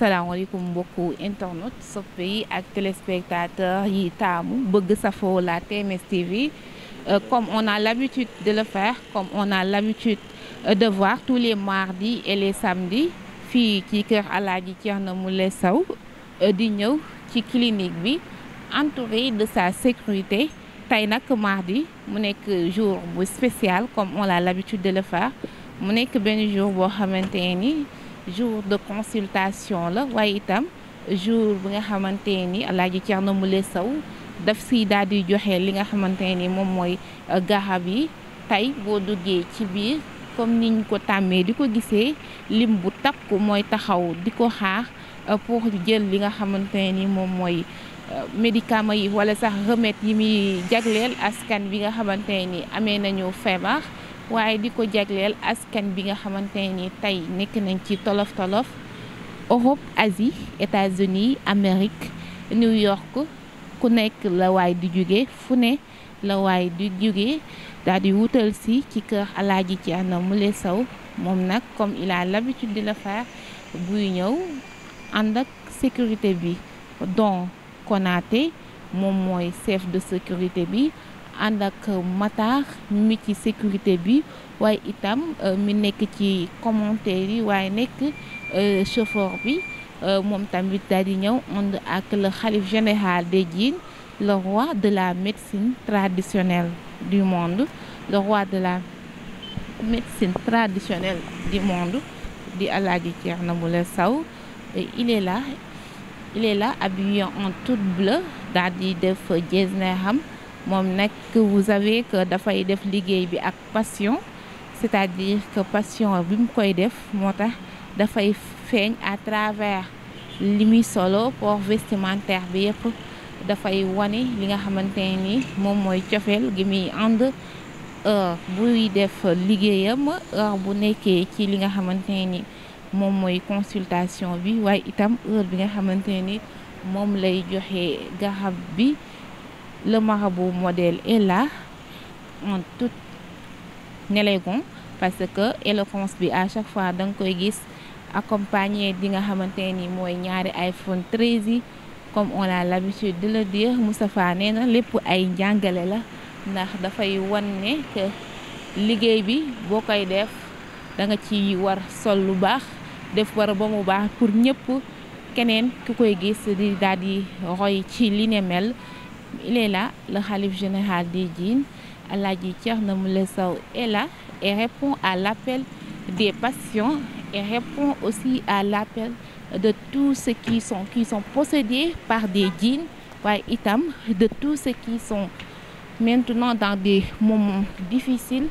asalaamaaleykum mbokku internet soppe yi ak téléspectateur yi taamu bëgg safoo la TMS TV euh, comme on a l'habitude de le faire comme on a l'habitude euh, de voir tous les mardis et les samedis fii ci kër Alaaji Thierno Moule saw euh, di ñëw ci clinique bi entouré de sa sécurité tey nag mardi mu nekk jour bu spécial comme on a l'habitude de le faire mu nekk benn jour boo xamante ni jour de consultation la waaye itam jour bi nga xamante ni Alaaji Cerno Mule Sow daf si daal di joxe li nga xamante ni moom mooy euh, garab yi tey boo duggee ci biir comme niñ ko tàmmee di ko gisee lim bu takku mooy taxaw di ko xaar euh, pour jël li nga xamante ni moom mooy euh, médicament yi wala sax remède yi muy jagleel askan bi nga xamante ni amee nañu feebar waaye di ko jagleel askan bi nga xamante ni tey nekk nañ ci tolof tolof Europe Asie États-Unis Amérique New York ku nekk la waay di jóge fu ne la waay di jóge daal di wutal si ci kër Alaaji Thierno Moule Sow moom nag comme il a l'habitude di la faire buy ñëw ànd ak sécurité bi donc Konaté moom mooy chef de sécurité bi ànd ak euh, Matar mi ci sécurité bi waaye itam euh, mi nekk ci commentaire yi waaye nekk euh, chauffeur bi moom tamit daal di ñëw ànd ak le xalif général des djinns le roi de la médecine traditionnelle du monde le roi de la médecine traditionnelle du monde di Alaaji Thierno Moule Sow il est là il est là habillé en tout bleu daal di def jersey am moom nag vous savez que dafay def liggéey bi ak passion c'est-à-dire que passion bi mu koy def moo tax dafay feeñ à travers li muy solo port vestimentaire bi yëpp dafay wane li nga xamante ni moom mooy cofeel gi muy ànd def liggéeyam ci li nga xamante ni moom mooy consultation bi waaye itam heure bi nga xamante ni moom lay joxe garab bi le marabout modèle est là en toute élégance parce que éloquence bi à chaque fois danga koy gis accompagné di nga xamante ni mooy ñaari iPhone 13 yi comme on a l'habitude de le dire Moustapha nee na lépp ay njàngale la ndax dafay wan ne liggéey bi boo koy def danga ci war sol lu baax def war ba mu baax pour ñëpp keneen ku koy gis di daal roy ci li ne mel Il la là, le Khalif général des djinns, Alhaji Thierno Moule Sow est là et répond à l'appel des patients et répond aussi à l'appel de tous ceux qui sont qui par des jiin waaye itam de tous ceux qui sont maintenant dans des moments difficiles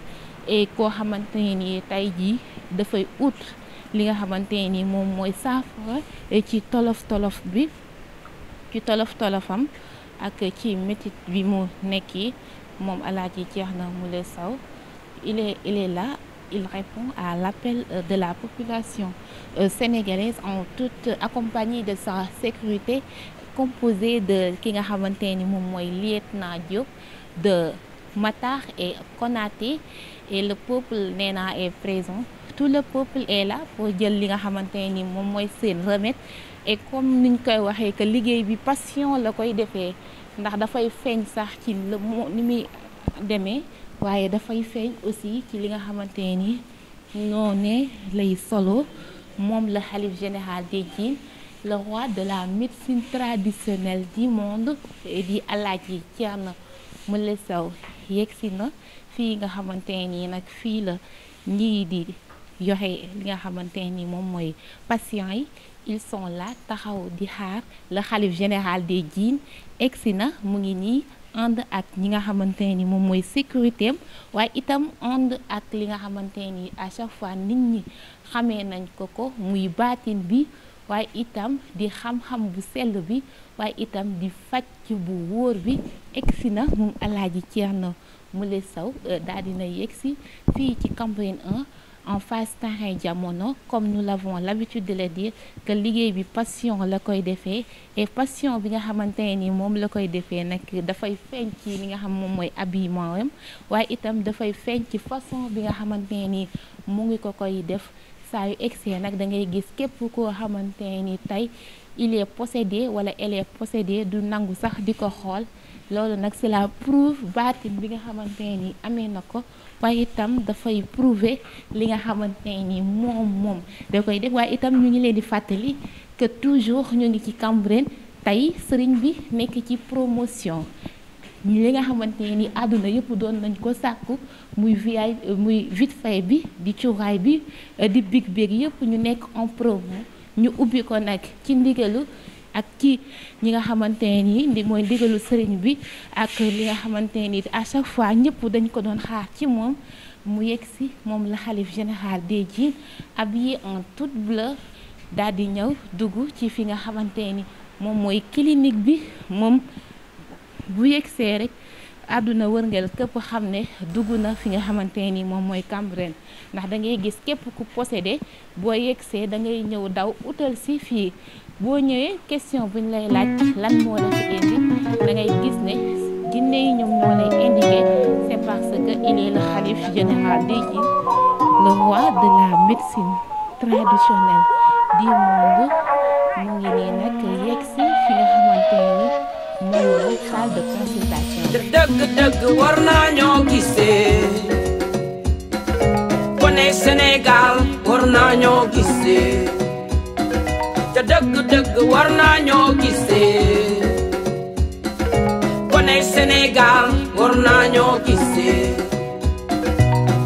et koo xamante nii tey jii dafay ut li nga xamante ne nii moom mooy saafara ci tolof tolof bi ci tolof tolofam ak ci métit bi mu nekki moom ji Thierno na Sow il saw il est là il répond à l'appel euh, de la population euh, sénégalaise en toute accompagnée de sa sécurité composée de ki nga xamante ni moom mooy lieutenant Diop de Matar et Konaté et le peuple nee naa est présent tout le peuple est là pour jël li nga xamante ni moom mooy seen remède et comme niñ koy waxee que liggéey bi passion la koy defee ndax dafay feeñ sax ci la ni muy demee waaye dafay feeñ aussi ci li nga xamante ni noonee lay solo moom la xalif général des djinns le roi de la médecine traditionnelle du monde di Alaaji Thierno Moule sew yegsi na fii nga xamante nii nag fii la ñii di joxe li nga xamante ni moom mooy patient yi ils sont là taxaw di xaar la xalif général des Djinns egsi na mu ngi nii ànd ak ñi nga xamante ni moom mooy sécurité am waaye itam ànd ak li nga xamante ni à chaque fois nit ñi xamee nañ ko ko muy baatin bi waaye itam di xam-xam bu sell bi waaye itam di fàcc bu wóor bi egsi na moom Alaaji Ceerno Moule Sow euh, daal dina yegsi fii ci Cambérène 1 en face terrain jamono comme nous l'avons l'habitude de le dire que liggéey bi passion la koy defee et passion bi nga xamante ne ni moom la koy defee nag dafay feeñ ci li nga xam moom mooy habillement am waaye itam dafay feeñ ci façon bi nga xamante ne ni mu ngi ko koy def saa yu egsee nag da ngay gis képp koo xamante ne ni tey il est possédé wala elle est du nangu sax di ko xool loolu nag c'est la prouve baatin bi nga xamante nii amee na ko waaye itam dafay prouver li nga xamante ni moom moom da koy def waaye itam ñu ngi leen di fàttali que toujours ñu ngi ci Cambérène tey sëriñ bi nekk ci promotion li nga xamante ni àdduna yëpp doon nañ ko sàkku muy via muy vite fait bi di cuuraay bi di big beeg yëpp ñu nekk en promo ñu ubbi ko nag ci ndigalu ak kii ñi nga xamante ni di mooy ndigalu sëriñ bi ak li nga xamante ni à chaque fois ñëpp dañ ko doon xaar ci moom mu yegg si moom la xalif général des ji habillé en tout bleu daal di ñëw dugg ci fi nga xamante ni moom mooy clinique bi moom bu yegg rek àdduna wërngel képp xam ne dugg na fi nga xamante ni moom mooy Cambérène ndax da ngay gis képp ku possédé boo yegsee da ngay ñëw daw utal si fii boo ñëwee question buñ lay laaj lan moo la fi indi gis ne jinne yi ñoom ñoo lay c'est parce que il est le khalife général des djinns le de la médecine traditionnelle di monde mu ngi nii nag yegg fi nga xamante ni mooy waral salle de consultation. te dëgg-dëgg war naa ñoo gisee kone Sénégal war naa ñoo gisee te dëgg-dëgg war naa ñoo gisee kone Sénégal war naa ñoo gisee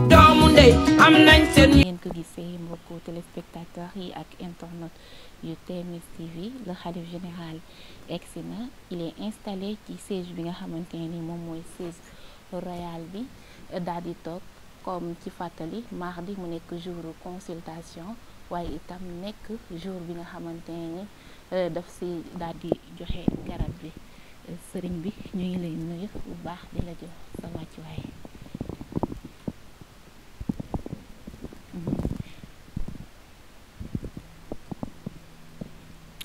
doomu ndey am nañ seen ko gisee mbokku téléspectateur yi ak internautes yu TMS TV le xalif général egsi na il est installé ci siège bi nga xamante ni moom mooy siège royal bi daal di toog comme ci fàttali mardi mu nekk jour consultation waaye itam nekk jour bi nga xamante ni euh, daf si daal di joxe garab bi euh, sëriñ bi ñu ngi lay nuyu bu baax di la jox sa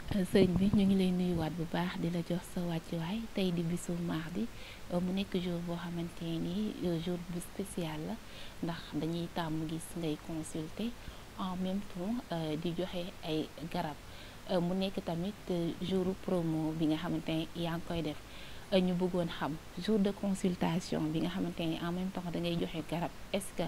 sëriñ bi ñu ngi lay nuyuwaat bu baax di la jox sa wàccuwaay tey di bisu di mu nekk jour boo xamante ni euh, jour bu spécial la ndax dañuy tàmm gis ngay consulter en même temps euh, di joxe ay garab euh, mu nekk tamit jouru promo bi nga xamante ni yaa ngi koy def. Euh, ñu bëggoon xam jour de consultation bi nga xamante ni en même temps da joxe garab est-ce que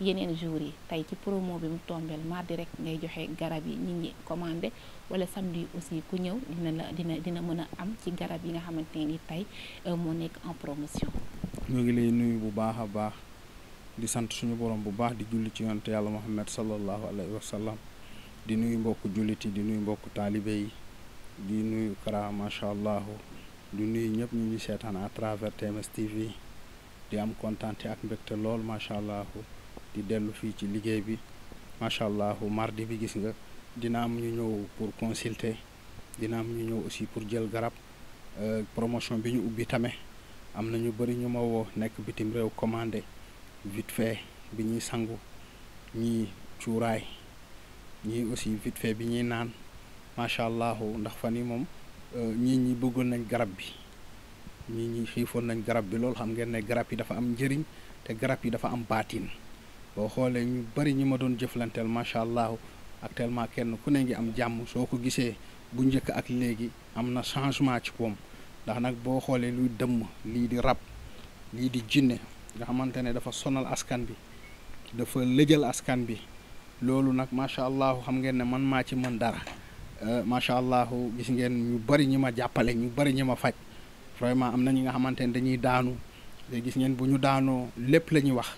yeneen jours yi tey ci promo bi mu tombeel di rek ngay joxe garab yi nit ñi commandé wala samedi aussi ku ñëw dina la dina mën a am ci garab yi nga xamante ni tey euh, moo nekk en promotion. ñu ngi lay nuyu bu baax a baax di sant suñu borom bu baax di julli ci yonte yàlla Muhammad sallallahu alayhi wa sallam di nuyu mbokku jullit yi di nuyu mbokku taalibe yi di nuyu Kara macha allah. du nuyu ñëpp ñu ngi seetaan à travers TMS TV di am kontaan ak mbégte lool macha allah di dellu fii ci liggéey bi macha allah mardi bi gis nga dina am ñu ñëw pour consulter dina am ñu ñëw aussi pour jël garab euh, promotion bi ñu ubbi tamit am na ñu bëri ñu ma woo nekk bitim réew commandé vite fait bi ñuy sangu ñi cuuraay ñii aussi vite fait bi ñuy naan macha allah ndax fan yi moom. Euh, ñii ñi bëggoon nañ garab bi ñii ñi xiifoon nañ garab bi loolu xam ngeen ne garab yi dafa am njëriñ te garab yi dafa am baatin boo xoolee ñu bari ñi ma doon jëflanteel macha allah actuellement kenn ku ne ngi am jàmm soo ko gisee bu njëkk ak léegi am na changement ci koom ndax nag boo xoolee luy dëmm lii di rab lii di jinne nga xamante ne dafa sonal askan bi dafa lëjal askan bi loolu nag macha allah xam ngeen ne man maa ci mën dara. Euh, macha allah gis ngeen ñu bëri ñi ma jàppale ñu bari ñi ma faj vraiment am na ñi nga xamante ne dañuy daanu te gis ngeen bu ñu daanoo lépp la ñuy wax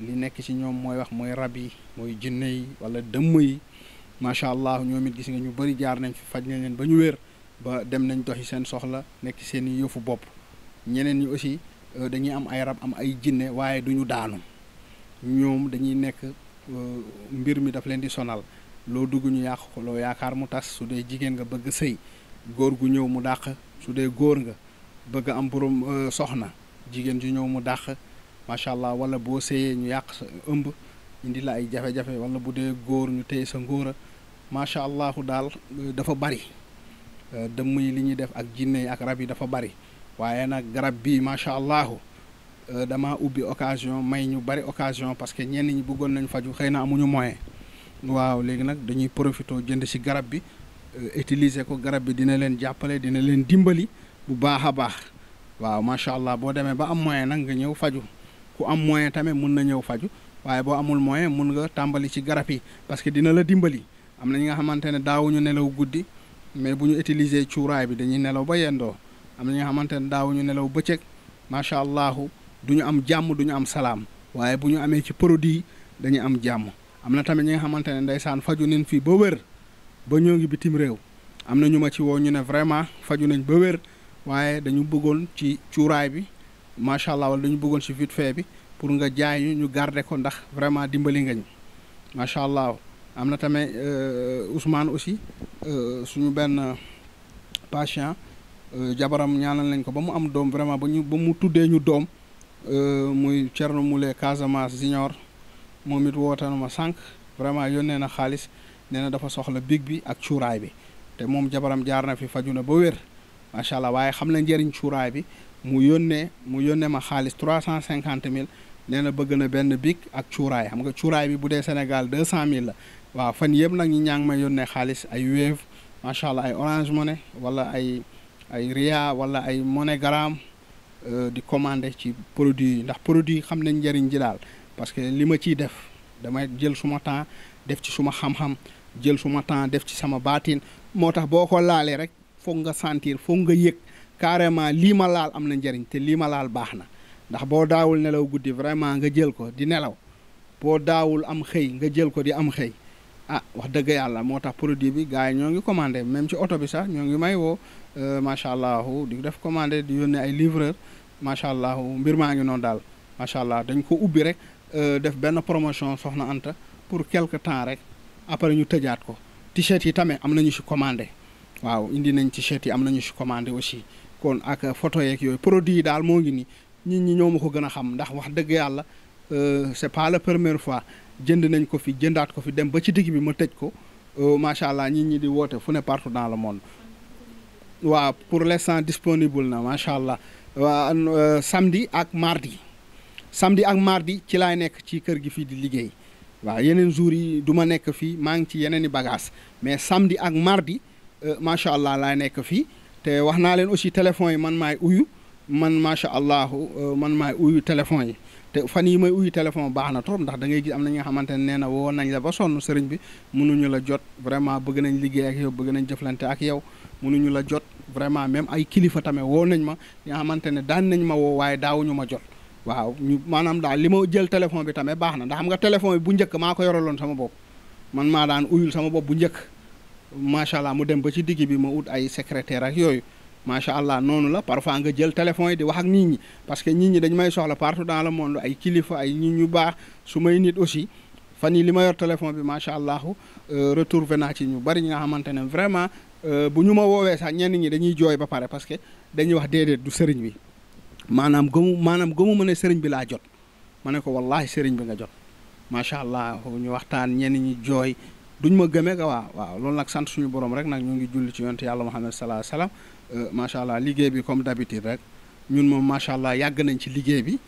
li nekk ci ñoom mooy wax mooy rab yi mooy jinne yi wala dëmm yi macha allah ñoom it gis nga ñu bëri jaar nañ fi faj nañ leen ba ñu wér ba dem nañ doxi seen soxla nekk seen i yëfu bopp ñeneen yi aussi euh, dañuy am ay rab am ay jinne waaye du ñu daanu ñoom dañuy nekk euh, mbir mi daf leen di sonal. loo dugg ñu yàq ko loo yaakaar mu tas su dee jigéen nga bëgg sëy góor gu ñëw mu dàq su dee góor nga bëgg am borom euh, soxna jigéen ju ñëw mu dàq macha allah wala boo sëyee ñu yàq sa ëmb indi la ay jafe-jafe wala bu dee góor ñu téye sa ngóora macha allahu daal euh, dafa bari euh, dëmm yi li ñuy def ak jinne yi ak rab yi dafa bari waaye nag garab bii macha allahu damaa ubbi occasion may ñu bari occasion parce que ñenn ñi bëggoon nañu faju xëy na amuñu moyen waaw léegi nag dañuy profité jënd ci garab bi euh, utiliser ko garab bi dina leen jàppale dina leen dimbali bu baax a baax waaw macha allah boo demee ba am moyen nag nga ñëw faju ku am moyen tamit mun na ñëw faju waaye boo amul moyen mun nga tàmbali ci garab yi parce que dina la dimbali am na ñi nga xamante ne daawuñu nelaw guddi mais bu ñu utiliser cuuraay bi dañuy nelaw ba yendoo am na ñi nga xamante ne daawuñu nelaw bëccëg macha allah du ñu am jàmm du am salaam waaye bu ñu amee ci produit dañu am jàmm. am na tamit ñi nga xamante ne ndeysaan faju nañ fii ba wér ba ñoo ngi bitim réew am na ñu ma ci woo ñu ne vraiment faju nañ ba wér waaye dañu bëggoon ci cuuraay bi macha allah wala dañu bëggoon ci vite fait bi pour nga jaay ñu garde garder ko ndax vraiment dimbali nga ñu macha allah am na tamit euh, Ousmane aussi euh, suñu benn patient euh, jabaram ñaanal nañ ko ba mu am doom vraiment ba ñu ba mu tuddee ñu doom muy Thierno Moule Casamance Junior moom it woote na ma sànq vraiment yónnee na xaalis nee na dafa soxla big bi ak cuuraay bi te moom jabaram jaar na fi faju na ba wér macha allah waaye xam na njëriñ cuuraay bi mu yónnee mu yónnee ma xaalis trois cent cinquante mille nee na bëgg na benn big ak cuuraay xam nga cuuraay bi bu dee Sénégal deux cent mille la waaw fan yëpp nag ñi ñaa ngi may yónnee xaalis ay Wave macha allah ay Orange Money wala ay ay Ria wala ay mone MoneyGram euh, di commander ci produit yi ndax produit yi xam nañ njëriñ ji daal. parce que li ma ciy def damay jël suma temps def ci suma xam-xam jël suma temps def ci sama baatin moo tax boo ko laalee rek foog nga sentir foog nga yëg carrément lii ma laal am na njëriñ te lii ma laal baax na ndax boo daawul nelaw guddi vraiment nga jël ko di nelaw boo daawul am xëy nga jël ko di am xëy ah wax dëgg yàlla moo tax produit bi gars yi ñoo ngi commandé même ci oto bi sax ñoo ngi may woo euh, macha allah di def commandé di yónnee ay livreur macha mbir maa ngi noonu daal macha allah dañ ko ubbi rek. Euh, def benn promotion soxna Anta pour quelque temps rek après ñu tëjaat ko t-shirt yi tamit am nañu si commandé waaw indi nañ t-shirt yi am nañu si commandé aussi kon ak photo yeeg yooyu produit yi daal moo ngi nii nit ñi ñëw ma ko gën a xam ndax wax dëgg yàlla euh, c'est pas la première fois jënd nañ ko fi jëndaat ko fi dem ba ci digg bi ma tëj ko euh, macha allah nit ñi di woote fu ne partout dans le monde waaw pour l'instant disponible na macha allah waa samedi ak mardi. samedi ak mardi ci laay nekk ci kër gi fii di liggéey waaw yeneen jours yi du ma nekk fii maa ngi ci yeneen i bagages mais samedi ak mardi euh, macha allah laay nekk fii te wax naa leen aussi téléphone yi man maay uyu man macha allah euh, man maay uyu téléphone yi te fan yi may uyu téléphone baax na trop ndax da ngay gis am na ñi nga xamante ne nee na woo nañ la ba sonn sëriñ bi mënuñu la jot vraiment bëgg nañ liggéey ak yow bëgg nañ jëflante ak yow mënuñu la jot vraiment même ay kilifa tamit woo nañ ma ñi xamante ne daan nañ ma woo waaye daawuñu ma jot. waaw ñu maanaam daal li ma jël téléphone bi tamit baax na xam nga téléphone bi bu njëkk maa ko yoraloon sama bopp man maa daan uyul sama bopp bu njëkk macha allah mu dem ba ci digg bi ma ut ay secrétaire ak yooyu macha allah noonu la parfois nga jël téléphone yi di wax ak nit ñi parce que nit ñi dañu may soxla partout dans la monde ay kilifa ay nit ñu baax su may nit aussi fan yi li ma yor téléphone bi macha allah euh, retrouvé naa ci ñu bari ñi nga xamante ne vraiment euh, bu ñu ma woowee sax ñenn ñi dañuy jooy ba pare parce que dañuy wax déedéet du sëriñ bi. maanaam gëmu maanaam gëmu ma ne sëriñ bi laa jot ma ne ko wallaahi sëriñ bi nga jot macha allah ñu waxtaan ñenn ñi jooy duñ ma gëmee ka waa waaw loolu nag sant suñu borom rek nag ñu ngi julli ci yonent yàlla Muhammad salaa salaam euh, macha allah liggéey bi comme d'habitude rek ñun moom macha allah yàgg nañ ci liggéey bi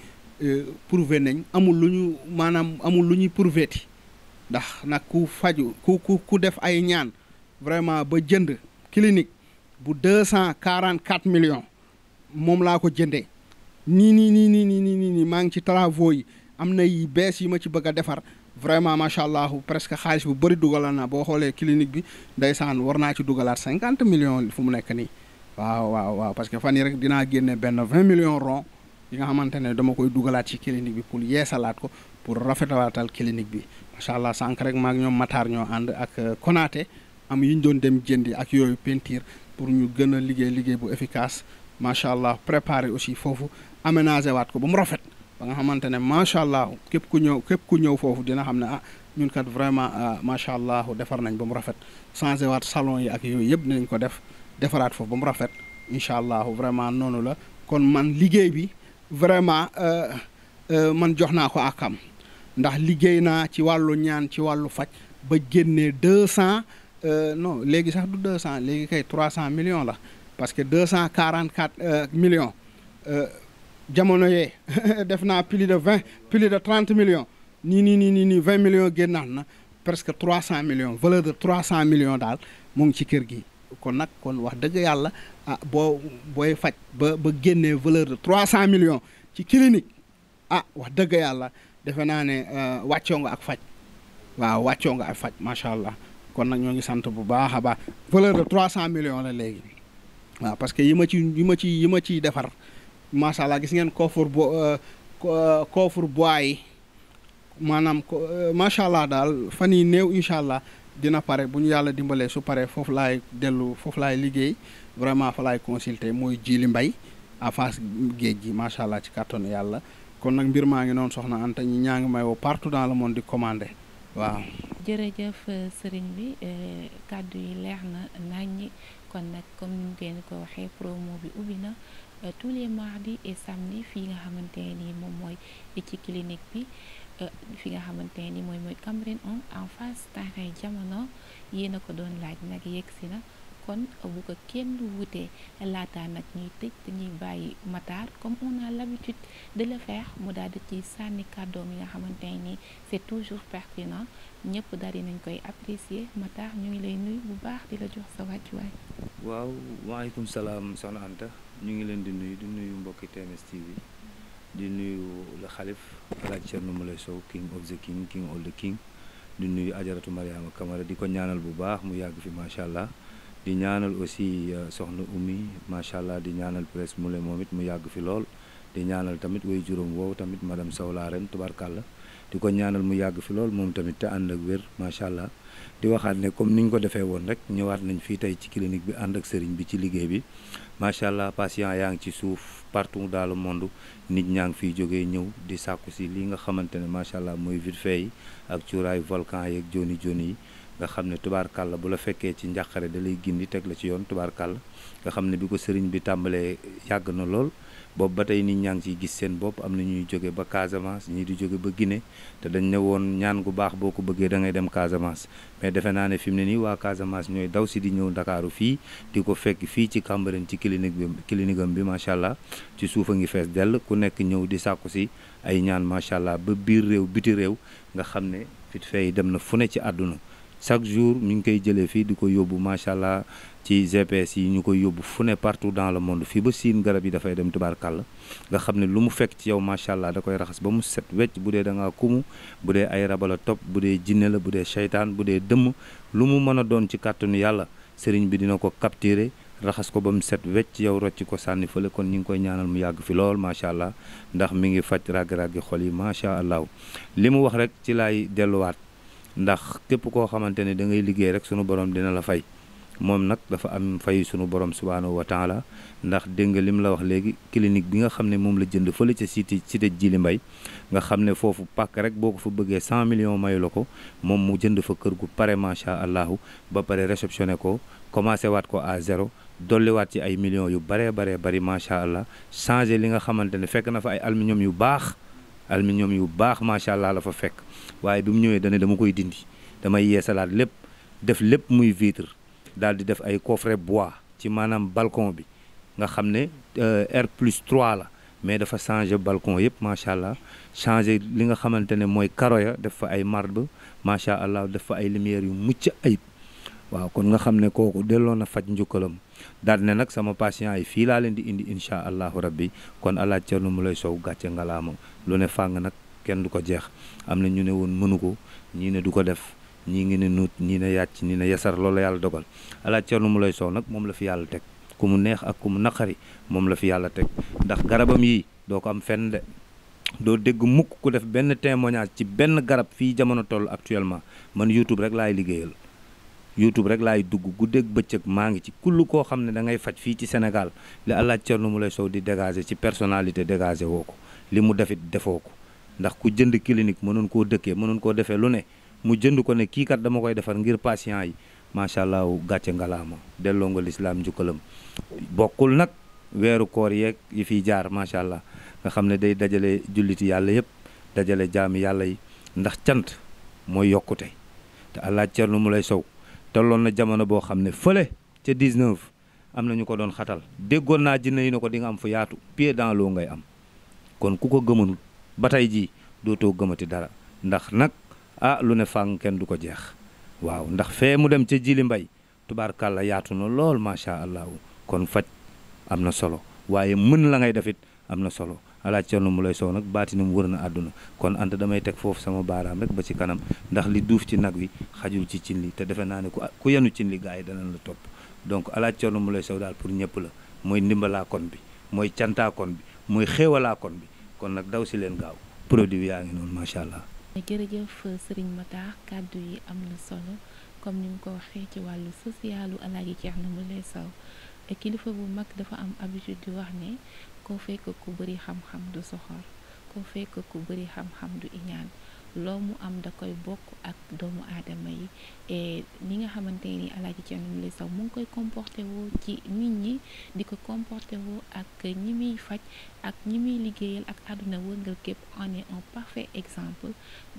euh, prouvé nañ amul lu ñu maanaam amul lu ñuy prouvé ti ndax nag ku faju ku ku ku def ay ñaan vraiment ba jënd clinique bu deux cent quarante quatre millions moom laa ko jëndee. nii nii nii nii nii nii nii maa ngi ci travaux yi am na yi bees yi ma ci bëgg a defar vraiment macha allah presque xaalis bu bëri dugalal na boo xoolee clinique bi ndeysaan war naa ci dugalaat cinquante million fu mu nekk nii waaw waaw parce que fan yi rek dinaa génne benn vingt million rond yi nga xamante ne dama koy dugalaat ci clinique bi pour yeesalaat ko pour rafetawaatal clinique bi macha allah sànq rek maak ñoom Matar ñoo ànd ak euh, konaate am yi ñu doon dem jëndi ak yooyu peinture pour ñu gën a liggéey liggéey bu efficace macha allah préparer aussi foofu. aménagé waat ko ba mu rafet ba nga xamante ne macha allah képp ku ñëw képp ku ñëw foofu dina xam ne ah ñun kat vraiment ah, macha allah defar nañ ba mu rafet changé waat salon yi ak yooyu yëpp nañ ko def defaraat foofu ba mu rafet incha allah vraiment noonu la kon man liggéey bi vraiment euh, euh, man jox naa ko ak am ndax liggéey naa ci wàllu ñaan ci wàllu faj ba génnee deux cent euh, non léegi sax du deux cent léegi kay trois cent millions la parce que deux cent quarante quatre millions. jamono yee def naa plus de vingt plus de trente million nii nii nii nii nii vingt millions génnaat na presque trois cent millions valeur de trois cent millions daal mu ngi ci kër gi kon nag kon wax dëgg yàlla ah boo booy faj ba ba génnee valeur de trois cent millions ci clinique ah wax dëgg yàlla defe naa ne euh, wàccoo nga ak faj waaw wàccoo nga ak faj macha allah kon nag ñoo ngi sant bu baax a baax valeur de trois cent millions la léegi waaw parce que yi ma ci yi ma ci ma ciy defar macha allah gis ngeen coffre bo euh, euh, coffre bois yi maanaam euh, macha allah daal fan yi néew incha allah dina pare bu ñu yàlla dimbalee su paree foofu laay dellu foofu laay liggéey vraiment fa laay consulter mooy Jili Mbay à face géej gi macha allah ci kàttanu yàlla kon nag mbir maa ngi noonu soxna Anta ñi ñaa ngi may woo partout dans le monde di commandé waaw. jërëjëf sëriñ bi kàddu yi leer na naññi kon nag comme ni ngeen ko waxee promo bi ubbi na. Euh, tous les mardis et samedi fii nga xamante ni moom mooy ci clinique bi euh, fi nga xamante ni mooy mooy Cambérène on en face terrain jamono yéen a ko doon laaj nag yegg si na kon bu ko kenn wutee laata nag ñuy tëj dañuy bàyyi Matar comme on a l'habitude de le faire mu daal di ci sànni kàddoom yi nga xamante ni c'est toujours pertinent ñëpp daal nañ koy apprécier ma ñu ngi lay nuyu bu baax di la jox sa wàccuwaay. waaw waaleykum salaam soxna Anta ñu ngi leen di nuyu di nuyu mbokki TMS TV di nuyu la xalif alaaj Cerno Moulay Sow king of the king king of king di nuyu ajaratu Mariama Kamara di ko ñaanal bu baax mu yàgg fi macha allah di ñaanal aussi euh, soxna Oumy macha allah di ñaanal presse Moulay moom it mu yàgg fi lool di ñaanal tamit way juróom woow tamit madame Sow laa ren tubarkàlla di ko ñaanal mu yàgg fi lool moom tamit te ànd ak wér macha allah di waxaat ne comme ni niñ ko defee woon rek ñëwaat nañ fii tey ci clinique bi ànd ak sëriñ bi ci liggéey bi macha allah patient yaa ngi ci suuf partout dans le monde nit ñaa ngi fiy jógee ñëw di sàkku si lii nga xamante ne macha allah mooy vite-fait yi ak cuuraayu volcan yeeg joni joni yi nga xam ne tubaar tubaarkàlla bu la fekkee ci njàqare da lay gindi teg la ci yoon tubaarkàlla nga xam ne bi ko sëriñ bi tàmbalee yàgg na lool. boobu ba tey nit ñaa ngi ciy gis seen bopp am na ñuy jóge ba Casamance ñii di jóge ba Guinée te dañ ne ñaan gu baax boo ko bëggee da ngay dem Casamance mais defe naa ne fi mu ne nii waa Casamance ñooy daw si di ñëw Ndakaaru fii di ko fekk fii ci Cambérène ci clinique bi clinique bi macha allah ci suuf a ngi fees dell ku nekk ñëw di sàkku si ay ñaan macha allah ba biir réew biti réew nga xam ne fit fay dem na fu ne ci àdduna chaque jour ñu ngi koy jëlee fii di ko yóbbu macha allah ci GPS yi ñu ko yóbbu fu ne partout dans le monde fii ba siin garab yi dafay dem tubaarkàlla nga xam ne lu mu fekk ci yow macha allah da koy raxas ba mu set wecc bu dee da ngaa kumu bu dee ay raba la bu dee jinne la bu dee seytaan bu dee dëmm lu mu mën a doon ci kàttanu yàlla sëriñ bi dina ko capturer. raxas ko ba mu set wecc yow rocc ko sànni fële kon ñu ngi koy ñaanal mu yàgg fi lool macha allah ndax mi ngi faj ràgg-ràggi xol yi macha allah li mu wax rek ci laay delluwaat ndax képp koo xamante ne da ngay liggéey rek sunu borom dina la fay moom nag dafa am fayu sunu borom subhaanahu wa taala ndax dégg nga lim la wax léegi clinique bi nga xam ne moom la jënd fële ca ci cité Jili Mbay nga xam ne foofu pàkk rek boo ko fa bëggee 100 millions mayu la ko moom mu jënd fa kër gu pare macha allahu ba pare réceptionné ko commencé waat ko à zéro dolliwaat ci ay millions yu baree baree bari macha allah changé li nga xamante ne fekk na fa ay aluminium yu baax aluminium yu baax macha la fa fekk. waaye bi mu ñëwee dane dama koy dindi damay yeesalaat lépp def lépp muy vitre daal di def ay coffret bois ci maanaam balkon bi nga xam ne euh, R plus 3 la mais dafa changé balcon yëpp macha allah changé li nga xamante ne mooy karo ya def fa ay marbre macha allah def fa ay lumières yu mucc ayib waaw kon nga xam ne kooku delloo na faj njukkalam daal ne nag sama patient yi fii laa leen di indi incha allahu rabbi kon allah cernu mu lay sow gàcce ngalaama lu ne fàng nag. kenn du ko jeex am na ñu ne woon mënu ko ñii ne du ko def ñii ngi ne nuut ñii ne yàcc ñii ne yasar loolu yàlla dogal alaaj Thierno Moulay Sow nag moom la fi yàlla teg ku mu neex ak ku mu naqari moom la fi yàlla teg ndax garabam yii doo ko am fenn de doo dégg mukk ku def benn témoignage ci benn garab fii jamono toll actuellement man YouTube rek laay liggéeyal YouTube rek laay dugg guddeeg bëccëg maa ngi ci kull koo xam ne da ngay faj fii ci Sénégal li alaaj mu lay Sow di dégager ci personnalité dégager woo ko li mu defit defoo ko ndax ku jënd clinique mënoon koo dëkkee mënoon koo defee lu ne mu jënd ko ne kii kat dama koy defar ngir patient yi macha allah gàcce ngalaama delloo nga lislaam njukkalam bokkul nag weeru koor yeeg yi fiy jaar macha allah nga xam ne day dajale julliti yàlla yëpp dajale jaam yàlla yi ndax cant mooy yokkute te allah Thierno Moulay Sow tolloon na jamono boo xam ne fële ca 19 am na ñu ko doon xatal déggoon naa jinne yu ne ko di nga am fu yaatu pie dans l'eau ngay am kon ku ko gëmul ba tey jii dootoo gëmati dara ndax nag ah lu ne fàng kenn du ko jeex waaw ndax fee mu dem ca jili mbay tubaar tubaarkàlla yaatu na lool macha allah kon faj am na solo waaye mën la ngay defit am na solo alaaj cerno mu lay sow nag baatinam wër na àdduna kon ant damay teg foofu sama baaraam ba ci kanam ndax li duuf ci nag wi xajul ci cin li te defe naa ne ku ku yenu cin li yi danañ la topp donc alaaj cerno mu sow daal pour ñëpp la mooy ndimbalaa kon bi mooy cantaa kon bi mooy xéewalaa kon bi kon nag daw si leen gaaw produit yaa ngi noonu macha allah. jërëjëf Serigne Matar kàddu yi am na solo comme ni nga ko waxee ci wàllu socialu Alaaji Thierno Moule te kilifa bu mag dafa am habitude di wax ne koo fekk ku bëri xam-xam du soxor koo fekk ku bari xam-xam du iñaan loo mu am da koy bokk ak doomu aadama yi et li nga xamante ni alaaji Thierno Moule Sow mu ngi koy comporté woo ci nit ñi di ko comporté woo ak ñi muy faj ak ñi muy liggéeyal ak àdduna wërngal képp on est un parfait exemple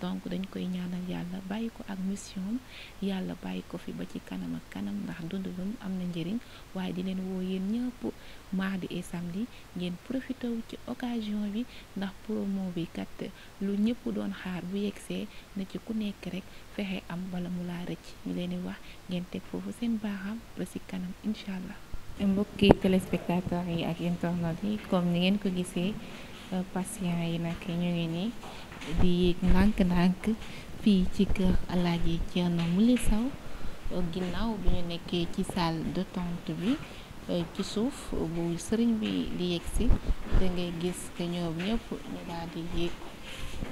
donc dañ koy ñaanal yàlla bàyyi ko ak mission yàlla bàyyi ko fi ba ci kanam ak kanam ndax dund lu mu am na njëriñ waaye di leen woo yéen ñëpp mardi et li ngeen profité wu ci occasion bi ndax promo bi kat lu ñëpp doon xaar bi yegsee na ci ku nekk rek fexe am wala mu laa rëcc ñu leen di wax ngeen teg foofu seen baaxam ba ci kanam incha allah. mbokki téléspectateurs yi ak internautes yi comme ni ngeen ko gisee euh, patient yi nag ñu ngi nii di yéeg ndànk-ndànk fii ci kër Alaaji Thierno Moule saw euh, ginnaaw bi nekkee ci salle d'attente bi euh, ci suuf bu sëriñ bi di yegsi da ngay gis que ñoom ñëpp ñu daal yéeg.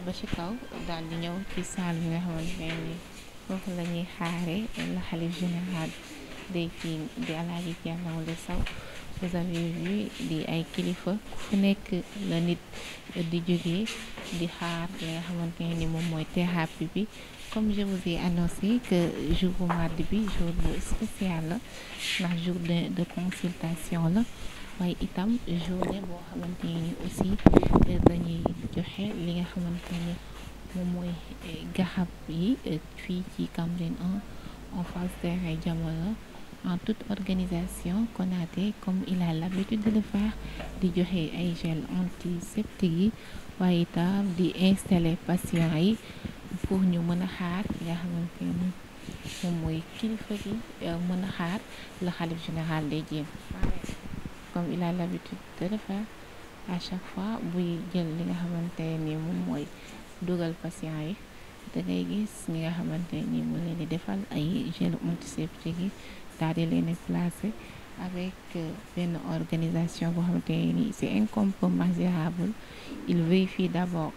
ba ci kaw daal di ñëw ci saal bi nga xamante ne ni foofu la xaare la xalif général day kii di alaaji Thierno Moule Sow vous avez vu di ay kilifa fu nekk la nit di jógee di xaar li nga xamante ne ni moom mooy thérapie bi comme je vous ai annoncé que jour mardi bi jour bu spécial la ndax jour de de consultation la waaye itam journée boo xamante ni aussi eh, dañuy joxe li nga xamante ni moom mooy eh, gaxab yi eh, fii ci Cambérène 1 en face terrain en toute organisation Konaté comme il la l'habitude de le faire di joxe ay gel antiseptique yi waaye itam di installer patient yi pour ñu mën a xaar nga xamante ni a xaar la xalif général des jéem comme il a l'habitude de faire à chaque fois buy jël li nga xamante ni moom mooy dugal patient yi da ngay gis ñi nga xamante ni mu leen di defal ay gel antiseptique yi daal di leen placer avec euh, benn organisation boo xamante ni c'est incommensurable il vérifie d'abord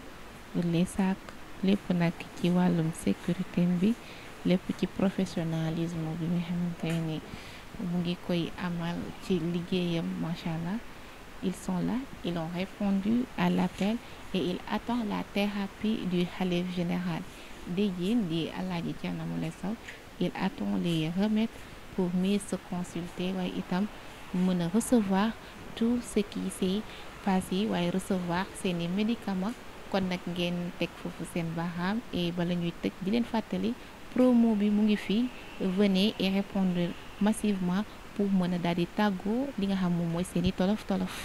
les sacs lépp nag ci wàllum sécurité bi lépp ci professionnalisme bi nga xamante mu ngi koy amal ci liggéeyam macha allah ils sont là ils ont répondu à l'appel et ils attendent la thérapie du khalife général Djiné di Alaaji Thierno Moule Sow ils attendent les remèdes pour mieux se consulter waaye itam mën a recevoir tout ce qui s'est yi waaye recevoir seeni médicament kon nag ngeen teg foofu seen baaxaam et bala ñuy tëj di leen fàttali promo bi mu ngi fi venez et répondre massivement pour mën a daal di tàggoo li nga xam moom mooy seen i tolof tolof.